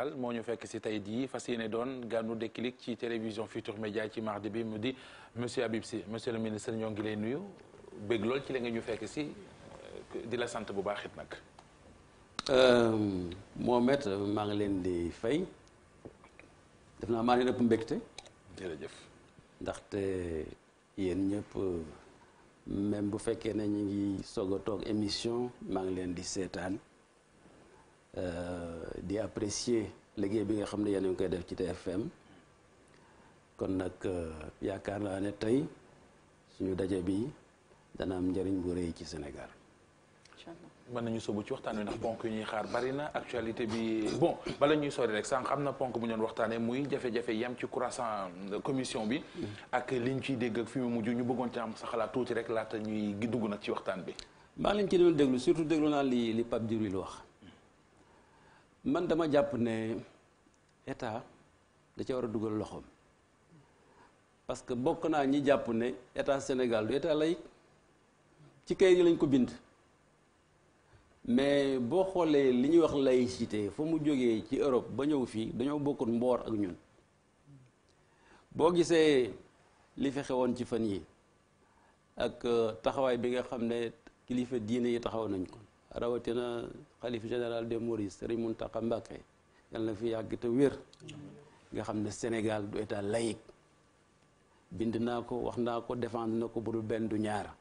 Sénégal moo ñu fekk si tey jii fas yéene doon gànnu Déclic ci télévision Futur Média ci mardi bi mu di monsieur Habib Sy monsieur le ministre ngi lay nuyu bëgg ci la nga ñu fekk si euh, di la sant bu baax it euh, maa ngi leen di fay def naa maa ngi leen ëpp mbégte. ndaxte yéen ñëpp euh, même bu fekkee ne ñu ngi soog a toog émission maa ngi leen di seetaan. Euh, di apprécier liggéey bi nga xam ne yéen a koy def ci TFM kon nag euh, yaakaar naa ne tey suñu daje bi dana am njëriñ bu rëy ci Sénégal. man nañu sóobu ci waxtaan wi ndax ponk yu ñuy xaar bari na actualité bi bon bala ñuy sori rek sànq am na ponk bu ñu waxtaanee muy jafe-jafe yam ci croissant euh, commission bi. Mm-hmm. ak li ñu ciy dégg ak fi mu mujj ñu bëggoon ci am sa xalaat tuuti rek laata ñuy dugg nag ci waxtaan bi. maa leen ci doon déglu surtout déglu naa li li Pape Djibril wax. man dama jàpp ne état da ca war a dugal loxoom parce que bokk naa ñi jàpp ne état Sénégal du état laïque ci kayit yi lañ ko bind mais boo xoolee li ñuy wax lay laïcité fa mu jógee ci Europe ba ñëw fii dañoo bokkut mboor ak ñun boo gisee li fexe woon ci fan yi ak euh, taxawaay bi nga xam ne kilifa diine yi taxaw nañ ko rawatina xalif général des Maurice Serigne Mountakha Mbacké yal na fi yàgg te wér nga xam ne Sénégal du état laïque bind naa ko wax naa ko défendre na ko bu dul benn du ñaar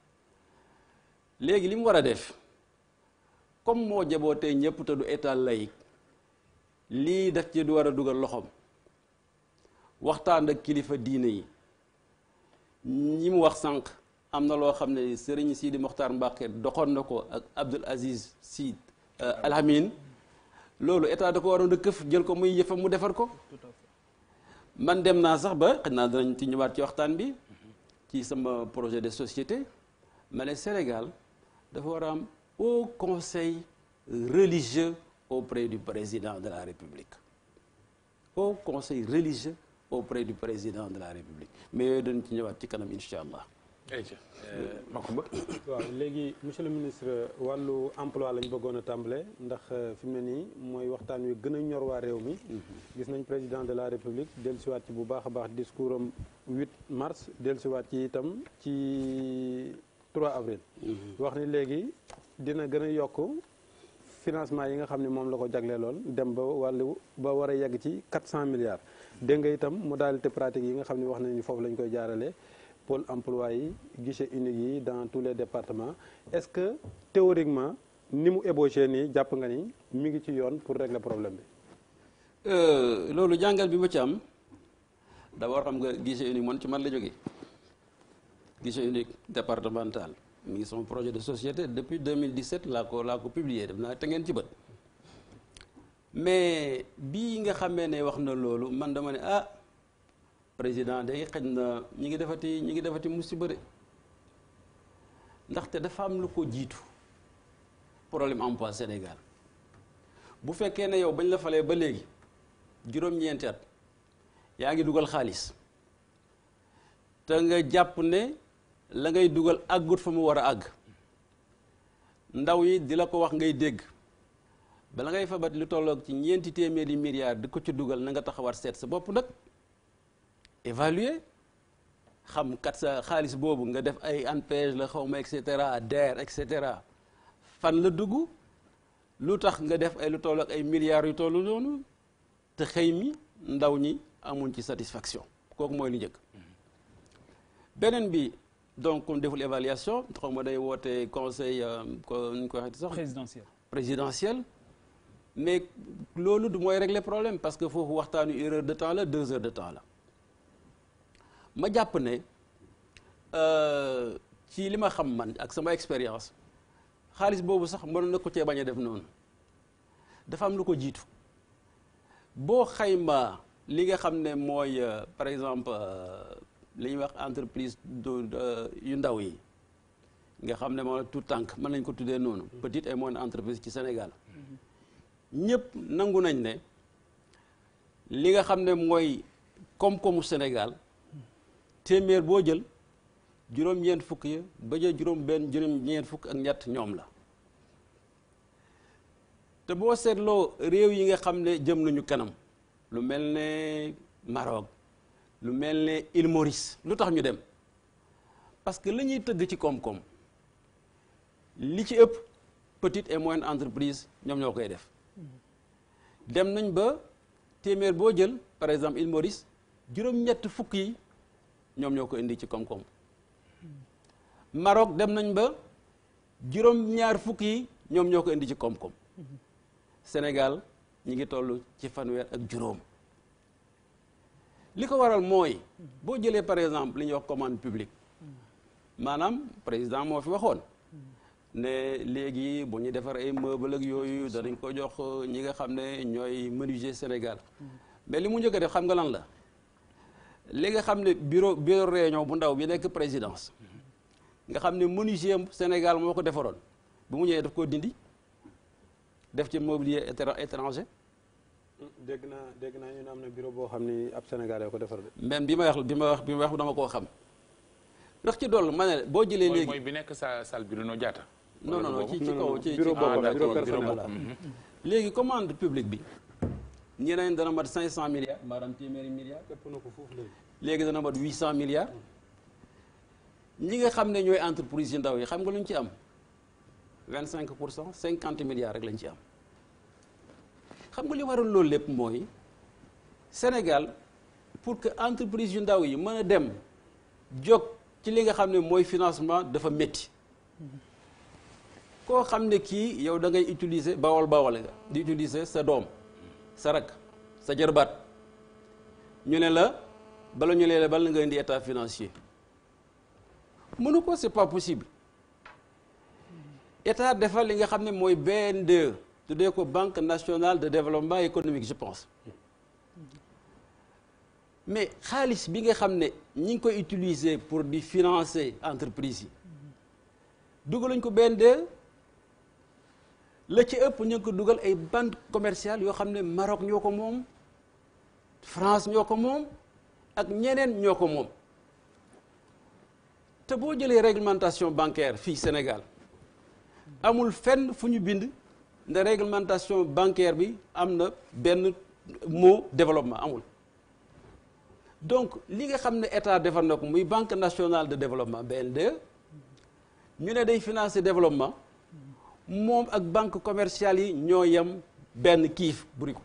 léegi li mu war a def comme moo jabootee ñëpp te du état laïque lii daf ci du war a dugal loxoom waxtaan ak kilifa diine yi ñi mu wax sànq am na loo xam ne Serigne Sidi Mokhtar Mbacké doxoon na ko ak Abdoul Aziz Sy euh, Al Amine loolu état da ko waroon a këf jël ko muy yëfam mu defar ko man dem naa sax ba xëy naa danañ ci ñëwaat ci waxtaan bi ci sama projet de société ma ne Sénégal dafa war a am haut conseil religieux auprès du président de la République haut conseil religieux auprès du président de la République mais yooyu dañ ci ñëwaat ci kanam incha allah Euh, Macoumba waaw léegi monsieur le ministre wàllu emploi lañ bëggoon a tàmbale ndax euh, fi mu ne nii mooy waxtaan wi gën a ñor waa réew mi mhm. gis nañ président de la république dellusiwaat ci bu baax a baax discours am 8 mars dellusiwaat ci itam ci 3 avril mhm. wax ni léegi dina gën a yokk financement yi nga xam ni moom la ko jagleeloon dem ba wàllu ba war a yegg ci 400 milliards mhm. dégg nga itam modalité pratique yi nga xam ne wax nañu foofu lañ koy jaarale pôle emploi yi guichet unique yi dans tous les départements est-ce que théoriquement ni mu ébauché nii jàpp nga ni mu ngi ci yoon pour régler problème bi. Euh, loolu jàngal bi ma ci am d'abord xam nga guichet unique man ci man la jóge guichet unique départemental mu ngi sama projet de société depuis 2017 laa ko laa ko publié def naa te ngeen ci bët. mais bii nga xamee ne wax na loolu man dama ne ah. président day xëj na ñi ngi defati ñi ngi defati musiba de ndaxte dafa am lu ko jiitu problème emploi Sénégal bu fekkee ne yow bañ la falee ba léegi juróom-ñeenti at yaa ngi dugal xaalis te nga jàpp ne la ngay dugal àggut fa mu war a àgg ndaw yi di la ko wax ngay dégg bala ngay fabat lu tolloog ci ñeenti téeméeri milliards di ko ci dugal na nga taxawaat seet sa bopp nag évaluer xam kat sa xaalis boobu nga def ay ANPEJ la xaw ma et cetera DER et cetera fan la dugg lu tax nga def ay lu toll ak ay milliards yu tollu noonu te xëy mi ndaw ñi amuñ ci satisfaction kooku mooy lu njëkk beneen bi. donc kon deful évaluation xaw ma day woote conseil euh, ko ñu ko sax. présidentiel présidentiel. mais loolu du mooy régler problème parce que foofu waxtaanu une de temps la deux de temps la. ma jàpp ne euh, ci li ma xam man ak sama expérience xaalis boobu sax mënoon na ko cee bañ a def noonu dafa am lu ko jiitu boo xayma li nga xam ne mooy euh, par exemple euh, li ñuy wax entreprise yu ndaw yi nga xam ne moom tout tànk mën nañ ko tuddee noonu petite et moyenne entreprise ci Sénégal ñëpp nangu nañ ne li nga xam ne mooy koom-koomu Sénégal téeméer boo jël juróom-ñeent fukk ya ba ja juróom benn juróom-ñeent fukk ak ñett ñoom la te boo seetloo réew yi nga xam ne jëm nañu kanam lu mel ne Maroc lu mel ne Île Maurice lu tax ñu dem parce que la ñuy tëgg ci koom-koom li ci ëpp petite et moyenne entreprise ñoom ñoo koy def dem nañ ba téeméer boo jël par exemple Île Maurice juróom-ñett fukk yi ñoom ñoo ko indi ci koom-koom dem nañ ba juróom-ñaar fukk ñoom ñoo ko indi ci koom Sénégal ñi ngi toll ci fanweer ak juróom li ko waral mooy boo jëlee par exemple li ñuy wax commande publique maanaam président moo fi waxoon ne léegi bu ñu defar ay meuble ak yooyu danañ ko jox ñi nga xam ne ñooy menuisier Sénégal mais li mu njëkk a def xam nga lan la. li nga xam ne bureau bureau réunion bu ndaw bi nekk présidence nga xam ne menuisier Sénégal moo ko defaroon bu mu ñëwee daf koo dindi def ci mobilier étranger. dégg naa dégg naa ñu ne am na bureau boo xam ni ab yoo ko defar de. même bi ma wax bi ma wax bi ma wax dama koo xam ndax ci dool ma boo jëlee. léegi bi nekk sa salle bi Bruno Diatta. non non non ci ci kaw ci ci bureau boobu bureau personnel mm-hmm. léegi commande publique bi. ñeneen dana mat cinq cent milliards maanaam téeméeri milliards na ko foofu léegi léegi dana mat huit cent milliards ñi nga xam ne ñooy entreprise yu ndaw yi xam nga lu ñu ci am vingt cinq pour cent cinquante milliards rek lañ ci am xam nga li waral loolu lépp mooy Sénégal pour que entreprise yu ndaw yi mën a dem jóg ci li nga xam ne mooy financement dafa métti koo xam ne kii yow da ngay utiliser bawal bawal nga di utiliser sa doom sa rak sa jarbaat ñu ne la bala ñu lee la bala nga indi état financier mënu ko c'est pas possible état defal li nga xam ne mooy BNDE tuddee ko banque nationale de développement économique je pense mais xaalis bi nga xam ne ñi ngi koy utiliser pour di financer entreprise yi dugaluñ ko BNDE la ci ëpp ñu ngi ko dugal ay bande commerciale yoo xam ne Maroc ñoo ko moom France ñoo ko moom ak ñeneen ñoo ko moom te boo jëlee réglementation bancaire fii Sénégal amul fenn fu ñu bind ne réglementation bancaire bi am na benn moo développement amul donc li nga xam ne état defar na ko muy banque nationale de développement BNDE ñu ne day financer développement moom ak banque commerciale yi ñoo yem benn kiif buri ko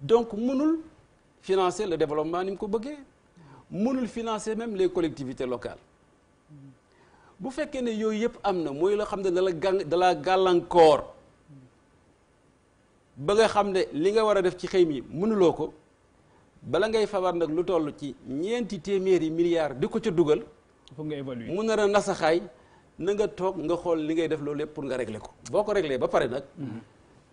donc mënul financer le développement ni mu ko bëggee mënul financer même les collectivités locales bu fekkee ne yooyu yëpp am na mooy la xam ne dala gàng gàllankoor ba nga xam ne li nga war a def ci xëy mi mënuloo ko bala ngay fabar nag lu toll ci ñeenti téeméeri milliards di ko ca dugal. mun na a nasaxaay na nga toog nga xool li ngay def loolu yëpp pour nga régler ko boo ko régler ba pare nag. Mhm.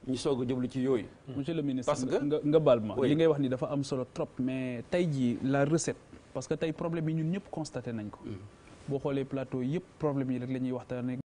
ñu soog a jublu ci yooyu. Mhm. monsieur le ministre parce que nga nga baal ma li ngay wax ni dafa am solo trop mais tey jii la recette parce que tey problème yi ñun ñëpp constaté nañ ko. Mhm. boo xoolee plateau yëpp problème yi rek la ñuy waxtaanee.